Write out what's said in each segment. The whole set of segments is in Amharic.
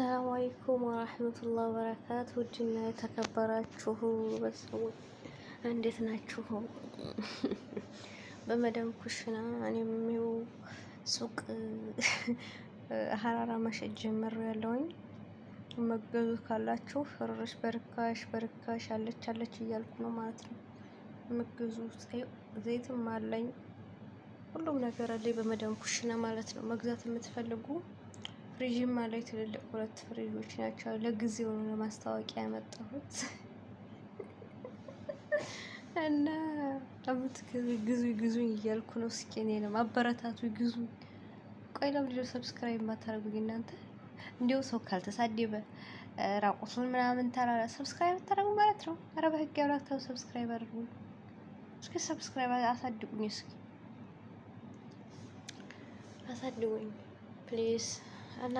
አሰላሙ አለይኩም ወራህመቱላህ ወበረካቱ። ውድና የተከበራችሁ በሰዎች እንዴት ናችሁ? በመደም ኩሽና እኔም ይኸው ሱቅ ሀራራ መሸጥ ጀምር ያለውኝ መገዙ ካላችሁ ፍርሽ በርካሽ በርካሽ አለች አለች እያልኩ ነው ማለት ነው። መገዙ ዘይትም አለኝ ሁሉም ነገር አለኝ በመዳም ኩሽና ማለት ነው። መግዛት የምትፈልጉ ፍሪጅም አለው። ትልልቅ ሁለት ፍሪጆች ናቸው። ለጊዜው ነው ለማስታወቂያ ያመጣሁት እና ለምትገዙ ግዙ ግዙኝ እያልኩ ነው። እስኪ እኔ ነው አበረታቱ ግዙ። ቆይ ለምንድነው ሰብስክራይብ የማታደርጉኝ እናንተ? እንዲሁ ሰው ካልተሳደበ ራቁቱን ምናምን ተራ ሰብስክራይብ ታደርጉ ማለት ነው። አረ በህግ ያብላክታው ሰብስክራይብ አድርጉ። እስኪ ሰብስክራይብ አሳድጉኝ፣ እስኪ አሳድጉኝ ፕሊዝ። እና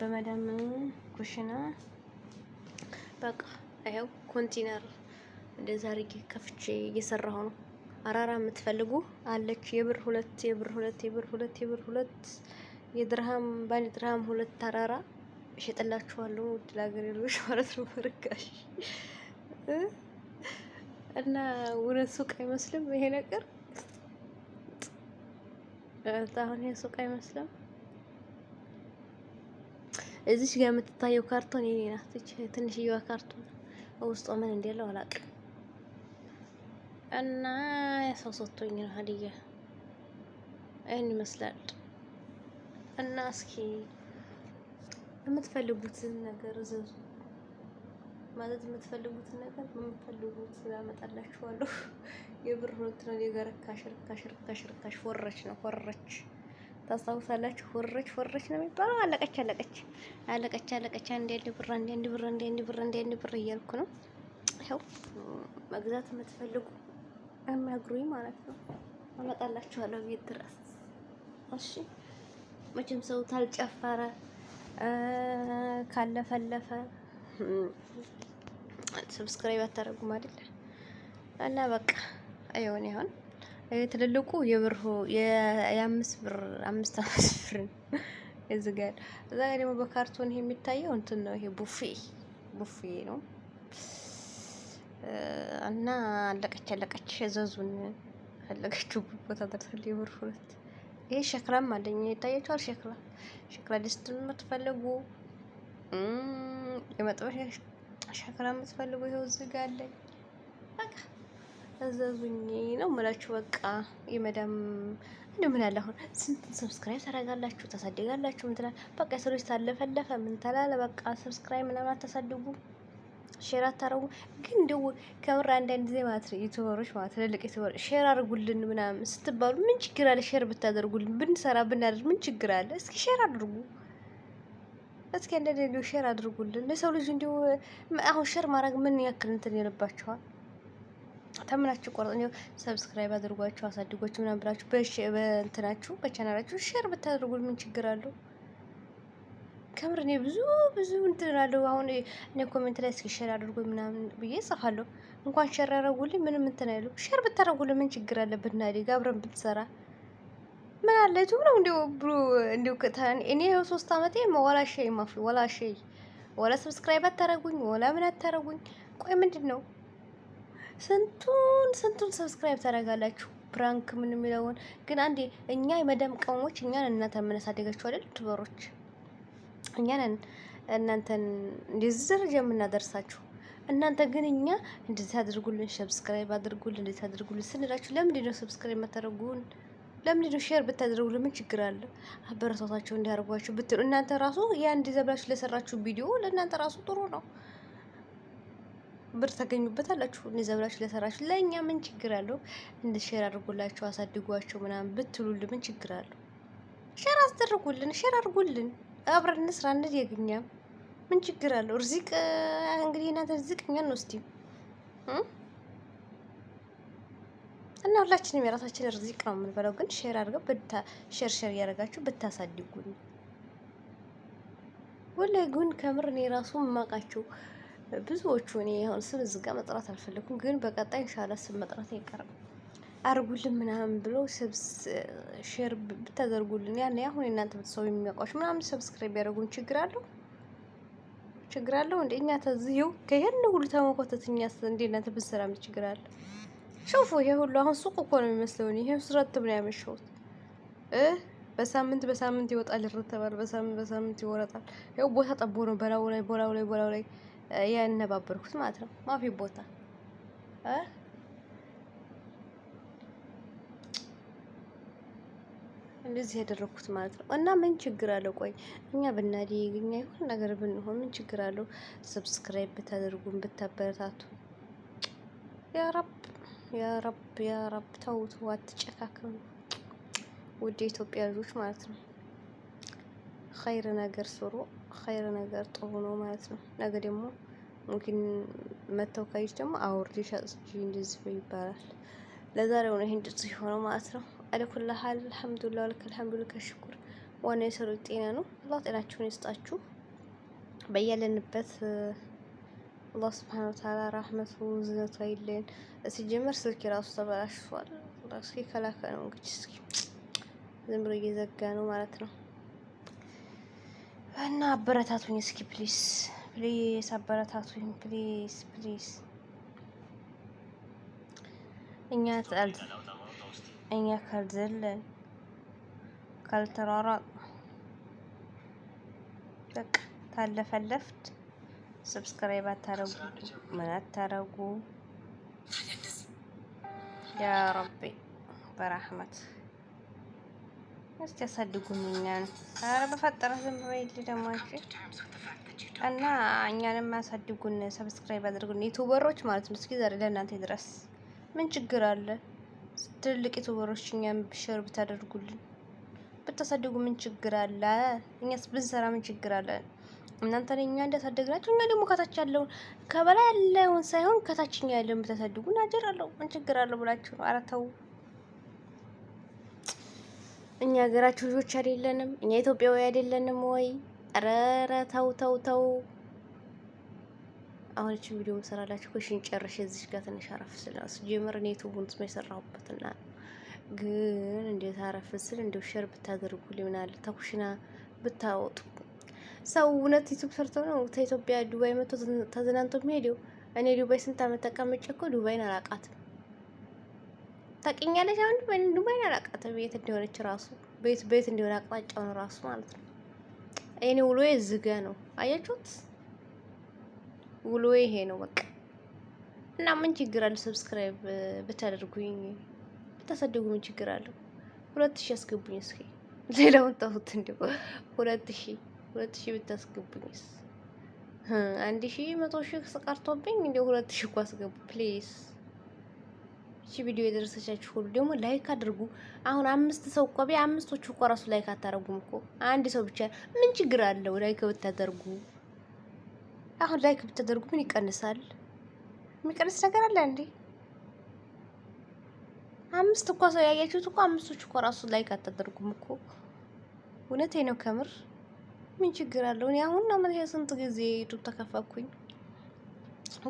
በመዳም ኩሽና በቃ ይኸው ኮንቲነር እንደዛ አድርጌ ከፍቼ እየሰራሁ ነው። አራራ የምትፈልጉ አለች። የብር ሁለት የብር ሁለት የብር ሁለት የብር ሁለት የድርሃም ባንድ ድርሃም ሁለት አራራ እሸጥላችኋለሁ። ውድ ለሀገር የሎች ማለት ነው በርካሽ እና እውነት ሱቅ አይመስልም ይሄ ነገር። አሁን ይሄ ሱቅ አይመስልም። እዚች ጋር የምትታየው ካርቶን የኔ ናት። እች ትንሽዬዋ ካርቶን ውስጧ ምን እንደለው አላውቅም። እና ሰው ሰጥቶኝ ነው ሀዲያ ይህን ይመስላል። እና እስኪ የምትፈልጉትን ነገር ዘዙ። ማለት የምትፈልጉትን ነገር በምትፈልጉት አመጣላችኋለሁ። የብር ኖት ነው ጋር ርካሽ ርካሽ ርካሽ ርካሽ ወረች ነው ወረች። ታስታውሳላችሁ? ወረች ወረች ነው የሚባለው። አለቀች አለቀች አለቀች አለቀች። አንድ አንድ ብር አንድ አንድ ብር አንድ አንድ ብር አንድ አንድ ብር እያልኩ ነው። ይኸው መግዛት የምትፈልጉ አናግሩኝ ማለት ነው። አመጣላችኋለሁ ቤት ድረስ። እሺ መቼም ሰው ታልጨፈረ ካለፈለፈ ሰብስክራይብ አታደርጉም አይደለ? እና በቃ አይሆን ይሆን ትልልቁ የብር የአምስት ብር አምስት አምስት ብር እዚህ ጋር እዛ ጋር ደግሞ በካርቶን ይሄ የሚታየው እንትን ነው። ይሄ ቡፌ ቡፌ ነው እና አለቀች አለቀች። እዘዙን ፈለጋችሁበት ቦታ ደርሳል። የብር ሁለት ይሄ ሸክላም አለኝ ይታያችኋል። ሸክላ ሸክላ ድስት የምትፈልጉ የመጥበሻ ሸክላ የምትፈልጉ ይኸው እዚህ ጋር አለኝ። በቃ እዘዙኝ ነው የምላችሁ። በቃ የመዳም እንደ ምን ያለ አሁን ስንት ሰብስክራይብ ታደርጋላችሁ ታሳድጋላችሁ? ምን ትላል? በቃ የሰው ልጅ ታለፈለፈ ምን ተላለ? በቃ ሰብስክራይብ ምናምን አታሳድጉ፣ ሼር አታረጉ። ግን እንደው ከምር አንዳንድ ጊዜ ማለት ነው ዩቲዩበሮች ማለት ትልልቅ ዩቲዩበር ሼር አድርጉልን ምናምን ስትባሉ ምን ችግር አለ? ሼር ብታደርጉልን ብንሰራ ብናደርግ ምን ችግር አለ? እስኪ ሼር አድርጉ። እስኪ አንዳንድ ሸር ሼር አድርጉልን። ለሰው ልጅ እንዲሁ አሁን ሼር ማድረግ ምን ያክል እንትን ይልባቸዋል? ተምናችሁ ቆርጥ እንዲሁ ሰብስክራይብ አድርጓችሁ አሳድጎች ምናምን ብላችሁ በእንትናችሁ በቻናላችሁ ሼር ብታደርጉል ምን ችግር አለው? ከምር እኔ ብዙ ብዙ እንትን አለው። አሁን እኔ ኮሜንት ላይ እስኪ ሼር አድርጉ ምናምን ብዬ እጽፋለሁ። እንኳን ሼር ያደረጉልኝ ምንም እንትን አይሉ። ሼር ብታደርጉልን ምን ችግር አለብን? ናዴ ጋብረን ብትሰራ ምን አለ ዩቱብ ነው እንዲሁ ብሩ እንዲሁ እኔ ይኸው ሶስት አመቴ ወላ ሸይ ማፍሪ ወላ ሸይ ወላ ሰብስክራይብ አታረጉኝ ወላ ምን አታረጉኝ። ቆይ ምንድን ነው ስንቱን ስንቱን ሰብስክራይብ ታደርጋላችሁ? ፕራንክ ምን የሚለውን ግን አንዴ እኛ የመደም ቀሞች እኛን እናንተ የምናሳደጋችሁ አይደል? ዩቱበሮች እኛን እናንተን እንዲዝር የምናደርሳችሁ እናንተ ግን እኛ እንደዚህ አድርጉልን፣ ሰብስክራይብ አድርጉልን፣ እንደዚህ አድርጉልን ስንላችሁ ለምንድን ነው ሰብስክራይብ የማታደርጉን? ለምንድነው ሼር ብታደርጉ ለምን ችግር አለ? አበረታታቸው እንዲያደርጓቸው ብትሉ እናንተ ራሱ የአንድ ዘብላችሁ ለሰራችሁ ቪዲዮ ለእናንተ ራሱ ጥሩ ነው። ብር ታገኙበት አላችሁ። እነዚ ብላችሁ ለሰራችሁ ለእኛ ምን ችግር አለው? እንደ ሼር አድርጉላቸው አሳድጓቸው ምናምን ብትሉ ለምን ችግር አለው? ሼር አስደርጉልን፣ ሼር አድርጉልን፣ አብረን እንስራ። እንድ የግኛም ምን ችግር አለው? ርዚቅ እንግዲህ እናንተ ርዚቅ እኛን ነው እስቲ እና ሁላችንም የራሳችን ርዚቅ ነው የምንበላው። ግን ሼር አድርገው ሼር ሼር እያደረጋችሁ ብታሳድጉን ወላሂ ግን ከምር እኔ ራሱ የማውቃቸው ብዙዎቹ እኔ አሁን ስም እዚህ ጋር መጥራት አልፈለኩም፣ ግን በቀጣይ እንሻላ ስም መጥራት አይቀርም አድርጉልን ምናምን ብለው ሰብስ ሼር ብታደርጉልን ያን አሁን እናንተ ቤተሰብ የሚያውቋችሁ ምናምን ሰብስክራይብ ያደርጉን ችግር አለው ችግር አለው እንዴ? እኛ ተዝየው ከሄድን ሁሉ እኛ እንዴ እናንተ ብንሰራ ምን ችግር አለ? ሸውፉ ይሄ ሁሉ አሁን ሱቅ እኮ ነው የሚመስለውን። ይሄ ስረትብ ነው ያመሸሁት። በሳምንት በሳምንት ይወጣል ይረተባል፣ በሳምንት በሳምንት ይወረጣል። ይኸው ቦታ ጠቦ ነው በላው ላይ ቦላው ላይ ቦላው ላይ ያነባበርኩት ማለት ነው። ማፊ ቦታ እንደዚህ ያደረኩት ማለት ነው። እና ምን ችግር አለው? ቆይ እኛ ብናደግ እኛ ይሁን ነገር ብንሆን ምን ችግር አለው? ሰብስክራይብ ብታደርጉን ብታበረታቱ ያረብ ያ ረብ ያ ረብ ተው አትጨካከኑ ውድ የኢትዮጵያ ልጆች ማለት ነው። ኸይር ነገር ስሩ፣ ኸይር ነገር ጥሩ ነው ማለት ነው። ነገ ደግሞ ሙኪን መተው ካይጅ ደግሞ አውርድ ሻጽጂ እንደዚህ ይባላል። ለዛሬው ነው ይሄን ድጽ የሆነው ማለት ነው። አለኩል ሀል አልሐምዱሊላህ ወለክ አልሐምዱሊላህ ሽኩር። ዋና የሰሩት ጤና ነው። አላህ ጤናችሁን ይስጣችሁ በያለንበት አላህ ስብሐነ ወተዓላ ራህመቱ ዝነቱ አይለን። ሲጀመር ስልክ የራሱ ተበላሽቷል። ራሱ ከላከ ነው እንግዲህ እስኪ ዝም ብሎ እየዘጋ ነው ማለት ነው። እና አበረታቱኝ እስኪ ፕሊስ ፕሊስ፣ አበረታቱኝ ፕሊስ ፕሊስ። እኛ ጣል እኛ ካልዘለን ካልተሯሯጥ በቃ ታለፈለፍት ሰብስክራይብ አታረጉ ምን አታረጉ። ያ ረቢ በራህመት እስቲ ያሳድጉን እኛን። ኧረ በፈጠረ ዝም በይልኝ ደግሞ አንቺ እና እኛንም ያሳድጉን፣ ሰብስክራይብ አድርጉን ዩቱበሮች ማለት ነው። እስኪ ዛሬ ለእናንተ ድረስ ምን ችግር አለ? ትልልቅ ዩቱበሮች እኛን ሸር ብታደርጉልን ብታሳድጉ ምን ችግር አለ? እኛስ ብንሰራ ምን ችግር አለ? እናንተ ለኛ እንዳሳደግናቸው እኛ ደግሞ ከታች ያለውን ከበላይ ያለውን ሳይሆን ከታችኛ ያለውን ብታሳድጉን አጀር አለው ችግር አለው ብላችሁ ነው። ኧረ ተው፣ እኛ ሀገራችሁ ልጆች አይደለንም? እኛ ኢትዮጵያዊ አይደለንም ወይ? ኧረ ኧረ ተው ተው ተው። አሁን እችን ቪዲዮ መሰራላችሁ ኮሽን ጨርሽ እዚሽ ጋር ትንሽ አረፍ ስለ ስጀምር እኔ ዩቱቡን የሰራሁበትና ግን እንዴት አረፍ ስል እንደው ሸር ብታደርጉልኝ ምናለ ተኩሽና ብታወጡ ሰው እውነት ዩቱብ ሰርቶ ነው ከኢትዮጵያ ዱባይ መጥቶ ተዝናንቶ የሚሄደው? እኔ ዱባይ ስንት ዓመት ተቀምጬ እኮ ዱባይን አላቃትም። ታውቂኛለሽ? አሁን ዱባይ ዱባይን አላቃትም። ቤት እንደሆነች ራሱ ቤት ቤት እንደሆነ አቅጣጫውን ራሱ ማለት ነው። እኔ ውሎ ዝገ ነው። አያችሁት? ውሎ ይሄ ነው በቃ። እና ምን ችግር አለ? ሰብስክራይብ ብታደርጉኝ ብታሳድጉ ምን ችግር አለ? ሁለት ሺህ አስገቡኝ እስኪ። ሌላውን ተውት። እንዲሁ ሁለት ሺህ ሁለት ሺህ ብታስገቡኝስ? አንድ ሺህ መቶ ሺህ ቀርቶብኝ እንደ ሁለት ሺህ እኮ አስገቡ ፕሌስ። እቺ ቪዲዮ የደረሰቻችሁ ሁሉ ደግሞ ላይክ አድርጉ። አሁን አምስት ሰው እኮ ቢያ አምስቶቹ እኮ ራሱ ላይክ አታደርጉም እኮ አንድ ሰው ብቻ ምን ችግር አለው ላይክ ብታደርጉ? አሁን ላይክ ብታደርጉ ምን ይቀንሳል? የሚቀንስ ነገር አለ እንዴ? አምስት እኮ ሰው ያያችሁት እኮ አምስቶቹ እኮ ራሱ ላይክ አታደርጉም እኮ። እውነቴ ነው ከምር ምን ችግር አለው? እኔ አሁን ነው ማለት ስንት ጊዜ ዩቱብ ተከፈኩኝ፣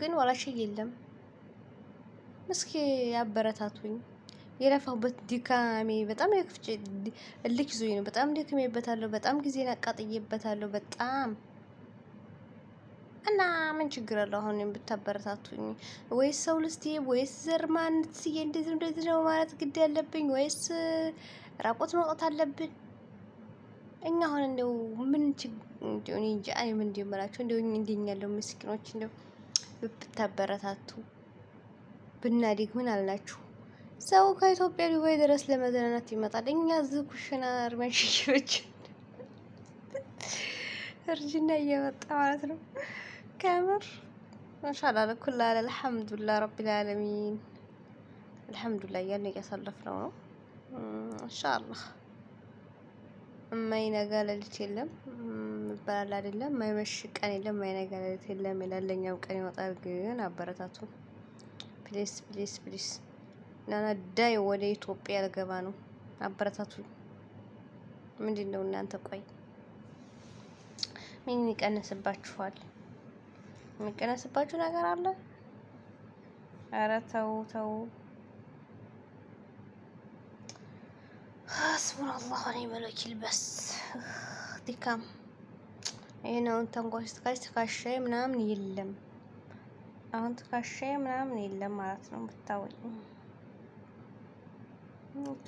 ግን ወላሽ የለም። እስኪ አበረታቱኝ። የለፋሁበት ድካሜ በጣም የክፍጭ እልክ ይዞኝ ነው። በጣም ደክሜበታለሁ። በጣም ጊዜን አቃጥዬበታለሁ። በጣም እና ምን ችግር አለው አሁን ብታበረታቱኝ? ወይስ ሰው ልስቴ ወይስ ዘር ማንት ስዬ እንደዚህ እንደዚህ ነው ማለት ግድ ያለብኝ? ወይስ ራቆት መውጣት አለብን? እኛ አሁን እንደው ምን ችግር እንጃ። እኔ ምን ጀመራችሁ እንደው እንደኛ ያለው ምስኪኖች እንደው ብታበረታቱ ብናድግ ምን አልናችሁ! ሰው ከኢትዮጵያ ዱባይ ድረስ ለመዝናናት ይመጣል። እኛ እዚህ ኩሽና እርመን እርጅና እየመጣ ማለት ነው። ከምር ማሻአላ ለኩል አለ አልሐምዱሊላህ ረቢል ዓለሚን እያልን እያሳለፍነው ነው ኢንሻአላህ የማይነጋ ሌሊት የለም ይባላል አይደለም። የማይመሽ ቀን የለም፣ የማይነጋ ሌሊት የለም ይላል። ቀን ይወጣል። ግን አበረታቱ ፕሊስ፣ ፕሊስ፣ ፕሊስ። ዳይ ወደ ኢትዮጵያ ልገባ ነው። አበረታቱ። ምንድን ነው እናንተ? ቆይ ምን ይቀንስባችኋል? የሚቀነስባችሁ ነገር አለ? ኧረ ተው ተው። ስብሓንላህ እኔ መለክ ይልበስ ድካም ይህ አሁን ተንኮል ትካሽ ትካሽ ምናምን የለም። አሁን ትካሽ ምናምን የለም ማለት ነው። ብታወቂ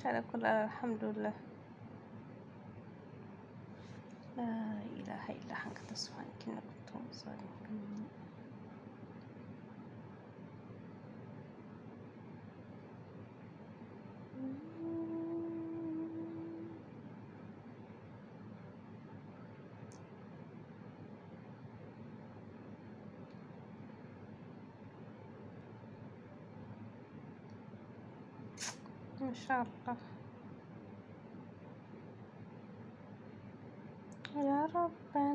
ተለኩል አልሐምዱሊላህ ላኢላሃ ኢላ አንተ ሱብሓነከ شاء الله يا رب